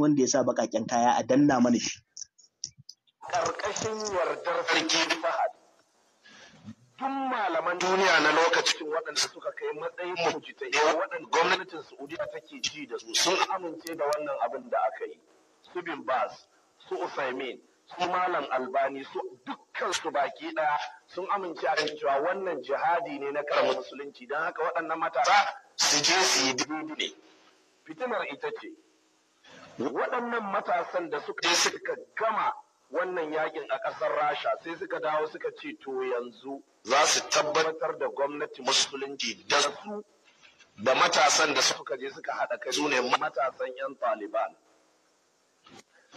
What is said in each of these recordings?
wanda ya sa baƙaƙen kaya a danna mana shi. Ƙarƙashin yardar sarki Fahad. Tun malaman duniya na lokacin waɗanda suka kai matsayin mujtahid waɗanda gwamnatin Saudiya take ji da su sun amince da wannan abin da aka yi. Su bin Bas, su Usaimin, su Malam Albani, su dukkan su baki ɗaya sun amince a cewa wannan jihadi ne na karamin musulunci don haka waɗannan matasa su je su yi daidai ne. Fitinar ita ce, waɗannan matasan da suka suka gama wannan yakin a ƙasar rasha sai suka dawo suka ce to yanzu za su tabbatar da gwamnati musulunci da su da matasan da suka je suka haɗa kai su ne matasan 'yan taliban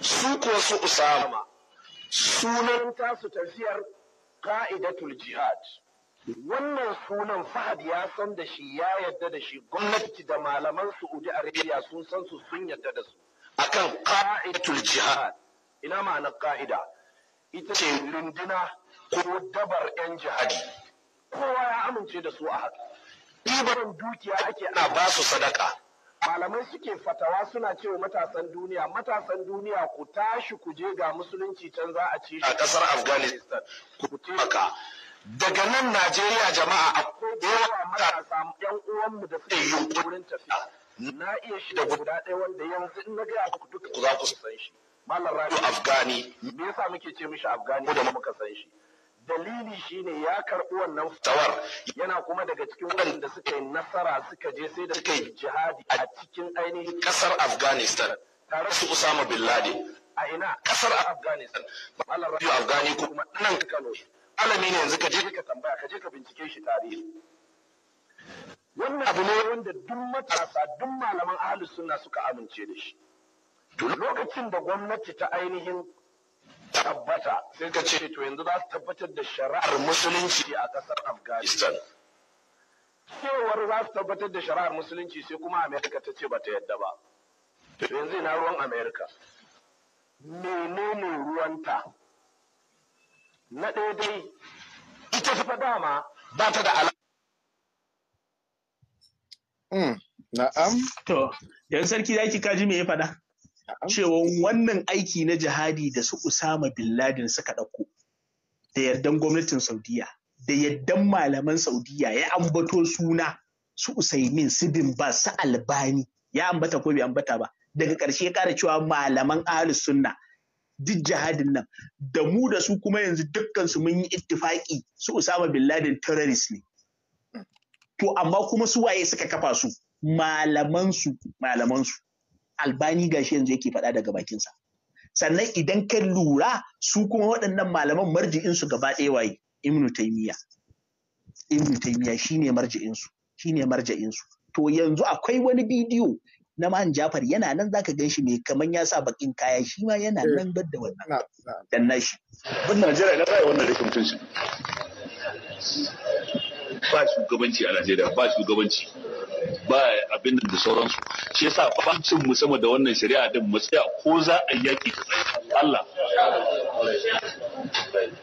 su ko su usama sunan tasu tafiyar ka'idatul jihad wannan sunan fahad ya san da shi ya yadda da shi gwamnati da malaman saudi arabiya sun san su sun yadda da su akan ƙa'idatul jihad ina ma'anar ƙa'ida ita ce runduna ko dabar 'yan jihadi kowa ya amince da su a haka ɗibarin dukiya ake ana ba su sadaka malamai suke fatawa suna ce wa matasan duniya matasan duniya ku tashi ku je ga musulunci can za a ci a ƙasar afghanistan ku taimaka daga nan najeriya jama'a akwai da yawa matasa 'yan uwanmu da suke yunkurin tafiya na iya shi da guda ɗaya wanda yanzu in na gaya muku duka ku za ku san shi malam rabi afghani me yasa muke ce mishi afghani da muka san shi dalili shine ya karɓi wannan tawar yana kuma daga cikin waɗanda suka yi nasara suka je sai da suka yi jihadi a cikin ainihin Kasar afghanistan tare su usama bin laden a ina kasar afghanistan malam rabi afghani kuma nan kano alami ne yanzu ka je ka tambaya ka je ka bincike shi tarihi wannan abu ne wanda duk matasa duk malaman ahalus suna suka amince da shi to lokacin da gwamnati ta ainihin tabbata sai ka ce to yanzu za su tabbatar da shari'ar musulunci a ƙasar afghanistan cewar za su tabbatar da shari'ar musulunci sai kuma amerika ta ce bata yadda ba to yanzu ina ruwan amerika menene ruwanta na daidai ita ta dama ba ta da alaƙa Hmm, na'am. To, yan sarki za ki kaji me ya faɗa? Cewa wannan aiki na jihadi da su Usama bin Laden suka ɗauko da yardan gwamnatin Saudiya, da yardan malaman Saudiya ya ambato suna su Usaimin, su bin ba, su Albani, ya ambata ko bai ambata ba. Daga ƙarshe ya ƙara cewa malaman Ahlus Sunna duk jihadin nan da mu da su kuma yanzu dukkan su mun yi ittifaki su Usama bin Laden terrorist ne. to amma kuma su waye suka kafa su malamansu malamansu albani gashi yanzu yake faɗa daga bakinsa sannan idan ka lura su kuma waɗannan malaman marji'insu gaba ɗaya waye ibnu imnu taimiya shi shine marji'insu shine marji'insu to yanzu akwai wani bidiyo na man jafar yana nan zaka gan shi mai kaman ya sa bakin kaya shi ma yana eh, nan bar da wannan dan nashi bin najeriya na wannan ba shugabanci a Najeriya ba shugabanci ba abin da sauransu shi yasa bancin mu sama da wannan shari'a din mu tsaya ko za a yaki ka Allah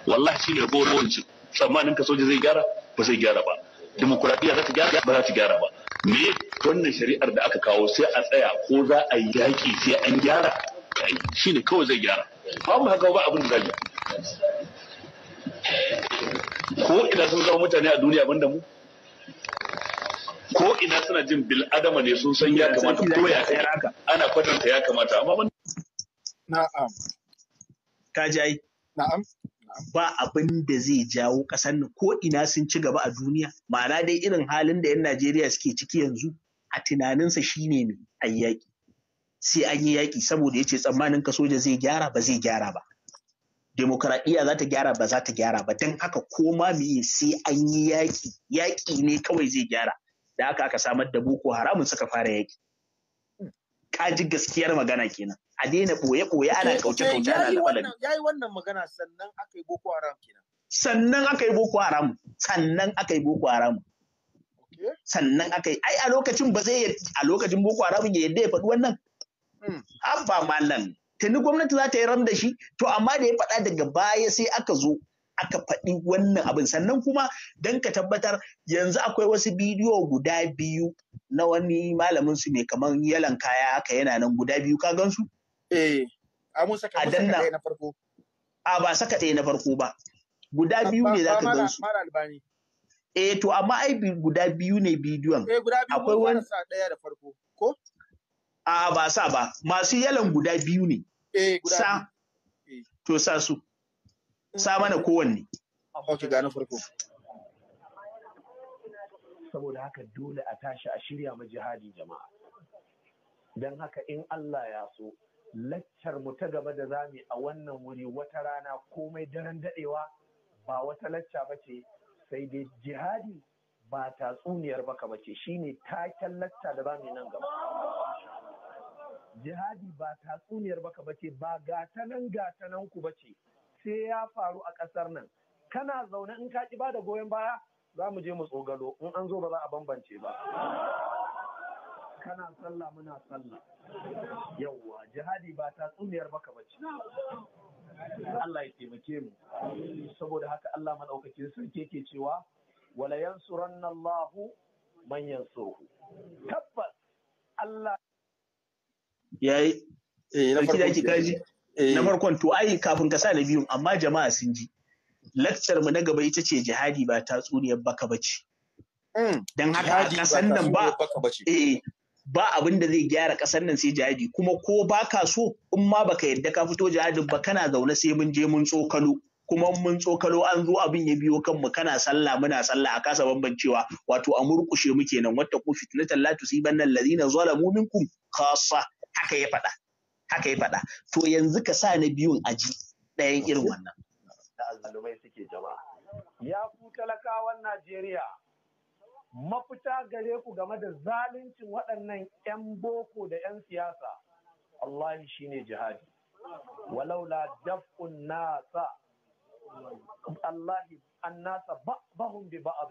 wallahi shi ne gowanci tsammanin ka soja zai gyara ba zai gyara ba demokuraɗiyya za ta gyara ba za ta gyara ba me wannan shari'ar da aka kawo sai a tsaya ko za a yaki sai an gyara shi ne kawai zai gyara ba mu haka ba abin da zai ko ina sun zama mutane a duniya banda mu ko ina suna jin bil adama ne sun san ya kamata ko ya kai ana kwatanta ya kamata amma ban na'am ka ji na'am ba abin da zai jawo ƙasar nan ko ina sun ci gaba a duniya ma'ana dai irin halin da 'yan Najeriya suke ciki yanzu a tunaninsa shine ne a yaƙi sai an yi yaƙi saboda ya ce tsammanin ka soja zai gyara ba zai gyara ba demokaradiyya za ta gyara ba za ta gyara ba don haka koma miye sai an yi yaƙi yaƙi ne kawai zai gyara da haka aka samar da boko haramun suka fara yaƙi ka ji gaskiyar magana kenan a daina ɓoye ɓoye ana kauce kauce ana labalan ya yi wannan magana sannan aka yi boko haram kenan sannan aka yi boko haram sannan aka yi boko haram sannan aka yi ai a lokacin ba zai a lokacin boko haram ya yadda ya faɗi wannan hmm. Abba malam tuni gwamnati za ta yi ram da shi to amma da ya faɗa daga baya sai aka zo aka faɗi wannan abin sannan kuma don ka tabbatar yanzu akwai wasu bidiyo guda biyu na wani malamin su ne kamar yalan kaya aka yana nan guda biyu ka gansu? Eh, a mun saka na farko. A ba saka ɗaya na farko ba. Guda biyu ne za ka gansu. Eh to amma ai guda biyu ne bidiyon. Eh, akwai wani sa ɗaya da farko ko? A ba sa ba masu yalan guda biyu ne. Eh, sa. Eh. To sa su. Sa mana kowanne. Saboda haka dole a tashi a shirya ma jihadi jama'a. Don haka in Allah ya so, laccar mu ta gaba da zami a wannan wuri wata rana komai daren daɗewa ba wata lacca ba ce sai dai jihadi ba tatsuniyar baka ba ce shine taken lacca da zamu nan gaba. jihadi ba tatsuniyar baka bace ba gatanan gatanan ku bace sai ya faru a ƙasar nan kana zaune in ka ki ba da goyon baya za mu je mu tsogalo in an zo ba za a bambance ba kana sallah muna sallah yawwa jihadi ba tatsuniyar baka bace Allah ya taimake mu saboda haka Allah madaukakin sarki yake cewa wala yansuranna Allahu man yansuruhu tabbas Allah yayi eh, kaji eh. na farkon to ai kafin ka sa na biyun amma jama'a sun ji lakcar mu na gaba ita ce jihadi ba ta tsuniyar baka bace hmm. don haka kasan nan ba eh, ba abin da zai gyara kasan nan sai jihadi kuma ko ba ka so in ma baka yadda ka fito jihadin ba kana zaune sai mun je mun tsokalo kuma mun tsokalo an zo abin ya biyo kanmu kana sallah muna sallah a kasa bambancewa wato a murkushe muke kenan wata ku fitnatan sai bannan allazina zalamu minkum kasa. haka ya faɗa haka ya faɗa to yanzu ka sa na biyun aji ɗayan irin wannan da suke jama'a ya ku talakawan Najeriya mafita gare ku game da zaluncin waɗannan 'yan boko da 'yan siyasa shi ne jihadi walaula daf'un nasa Allahi nasa bahun bi ba'd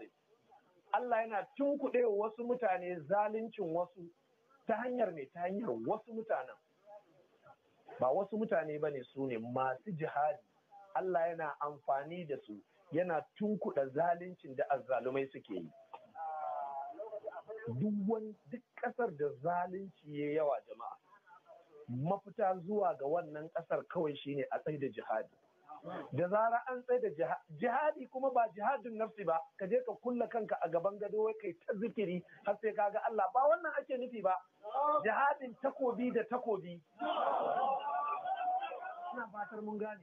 Allah yana tunkuɗe wasu mutane zaluncin wasu ta hanyar ne ta hanyar wasu mutanen ba wasu mutane ba ne su ne masu jihadi Allah yana amfani da su yana tunkuɗa zalincin da azzalumai suke yi duk ƙasar da zalunci ya yawa jama'a mafita zuwa ga wannan ƙasar kawai shine a tsaye da jihadi da zara an tsaye da jihadi kuma ba jihadin nafsi ba ka je ka kulla kanka a gaban gado wai kai ta zikiri har sai kaga Allah ba wannan ake nufi ba jihadin takobi da takobi ina fatar mun gane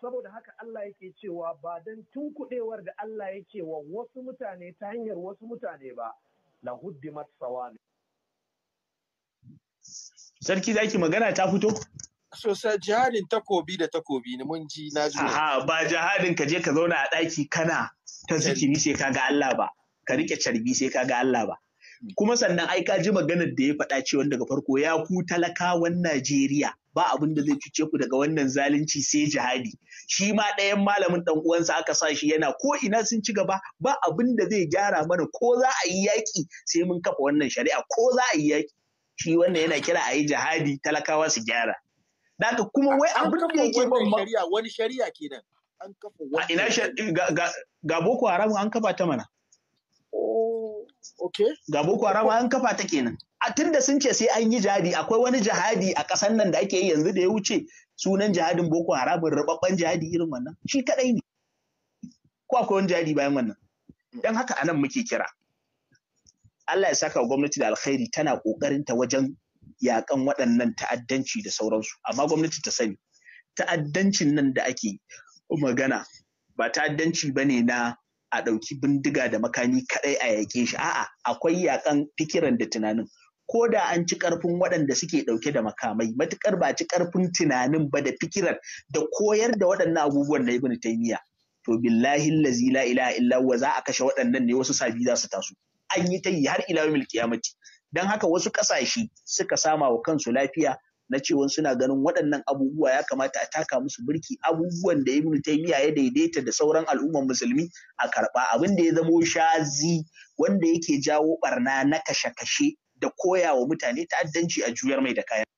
saboda haka Allah yake cewa ba dan tunkuɗewar da Allah yake wa wasu mutane ta hanyar wasu mutane ba la huddimat sawami sarki zaki magana ta fito sa jihadin takobi da takobi ne mun ji na ha ba jihadin ka je ka zauna a ɗaki kana ta zikiri sai ka ga Allah ba ka rike carbi sai ka ga Allah ba. Kuma sannan ai ka ji maganar da ya faɗa cewa daga farko ya ku talakawan Najeriya ba abin da zai cuce ku daga wannan zalunci sai jihadi. Shi ma ɗayan malamin ɗan uwansa aka sa shi yana ko ina sun ci gaba ba abin da zai gyara mana ko za a yi yaƙi sai mun kafa wannan shari'a ko za a yi yaƙi. Shi wannan yana kira ayi jihadi talakawa su gyara. Daga kuma wai abin da yake ban shari'a wani shari'a kenan. An kafa wani. Ina ga ga Boko Haram an kafa ta mana. Oh, okay. Ga Boko Haram an kafa ta kenan. A tunda sun ce sai an yi jihadi akwai wani jihadi a ƙasar nan da ake yi yanzu da ya wuce sunan jihadin Boko Haram rubabban jihadi irin wannan shi kadai ne. Ko akwai wani jihadi bayan wannan. Don haka anan muke kira. Allah ya saka gwamnati da alkhairi tana kokarin ta wajen yakan waɗannan ta'addanci da sauransu amma gwamnati ta sani ta'addancin nan da ake magana ba ta'addanci ba ne na a ɗauki bindiga da makami kaɗai a yaƙe shi a'a akwai yakan fikiran da tunanin ko da an ci ƙarfin waɗanda suke ɗauke da makamai matuƙar ba ci ƙarfin tunanin ba da fikiran da koyar da waɗannan abubuwan na ibn taymiya to billahi lazi la ilaha illa za a kashe waɗannan ne wasu sabi za su taso an yi ta yi har ila yawmil qiyamati don haka wasu ƙasashe suka sama wa kansu lafiya na cewa suna ganin waɗannan abubuwa ya kamata a taka musu birki abubuwan da ya mutai taymiya ya daidaita da sauran al'ummar musulmi a karɓa abin da ya zamo shazi wanda yake jawo barna na kashe-kashe da koya wa mutane ta'addanci a juyar mai da kayan